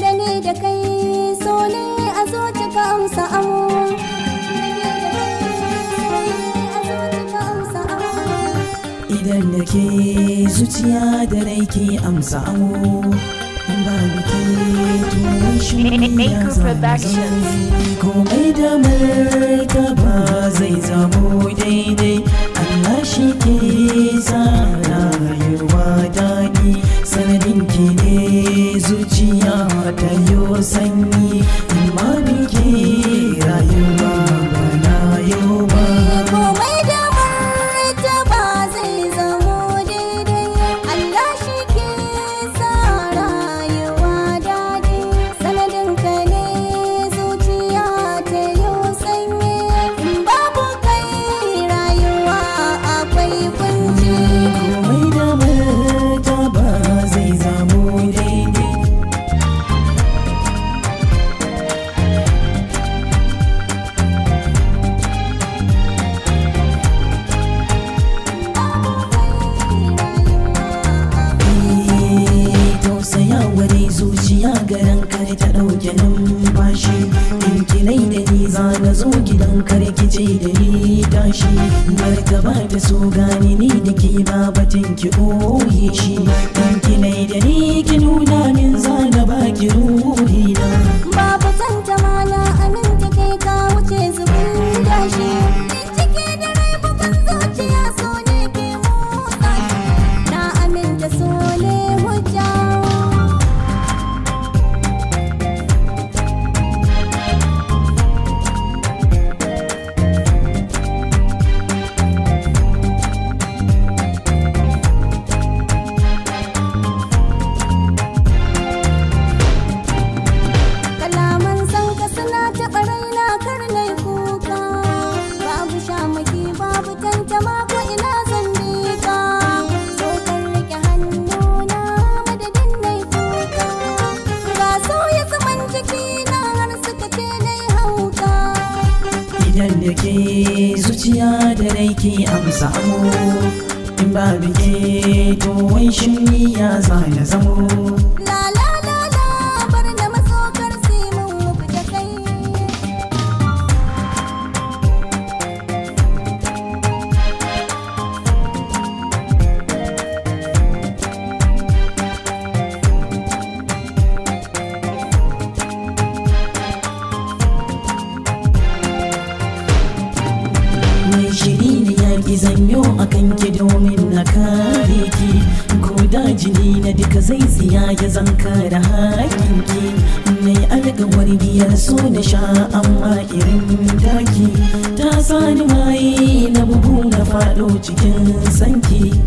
da ni da kai so ne a zo ta amsa awo idan da ke zuciya da rai ke amsa awo in ba da ke tuwon shi ya zama komai damar ta ba zai zama ke zuciya ta yi sanyi imanin ke rayuwa barka ba ta so gani ni da ke ba batun ki ohe oh, shi kan ki da ni ki nuna min zana ba ki ruhu gaskiya da naiki amsa mu in ba ke to wai shin ya za zamo a domin na kare ki ko da jini na duka zai siya ya zan kare ki ne alkawar biyar so na sha amma irin daki ta sani mai na bugu na faɗo cikin sanki